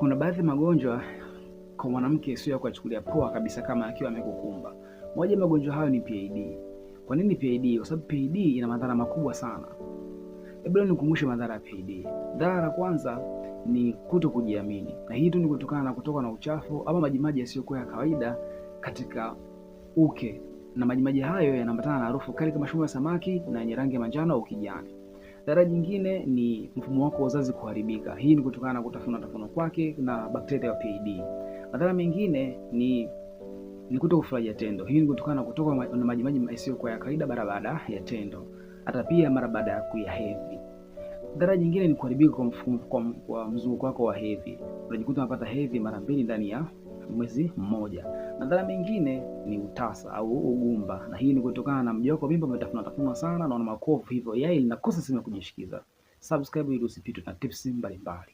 kuna baadhi ya magonjwa kwa mwanamke sio ya poa kabisa kama akiwa amekukumba. Moja ya magonjwa hayo ni PID. Kwa nini PID? Kwa sababu PID ina madhara makubwa sana. Hebu leo nikumbushe madhara ya PID. Dhara la kwanza ni kuto kujiamini, na hii tu ni kutokana na kutoka na uchafu ama majimaji yasiyokuwa ya kawaida katika uke, na majimaji hayo yanaambatana na harufu kali kama shumu ya samaki na yenye rangi ya manjano au kijani. Dhara nyingine ni mfumo wako wa uzazi kuharibika. Hii ni kutokana na kutafuna tafuna kwake na bakteria wa PID. Madhara mengine ni ni kuto kufurahia tendo. Hii ni kutokana na kutoka na maji maji yasiyokuwa ya kawaida mara baada ya tendo, hata pia mara baada ya kuya hedhi. Dhara nyingine ni kuharibika kwa mzunguko wako wa hedhi. Unajikuta unapata hedhi mara mbili ndani ya mwezi mmoja. Madhara mengine ni utasa au ugumba, na hii ni kutokana na mjawako mimba umetafuna tafuna sana na makovu, hivyo yai linakosa sehemu ya kujishikiza. Subscribe ili usipitwe na tips mbalimbali.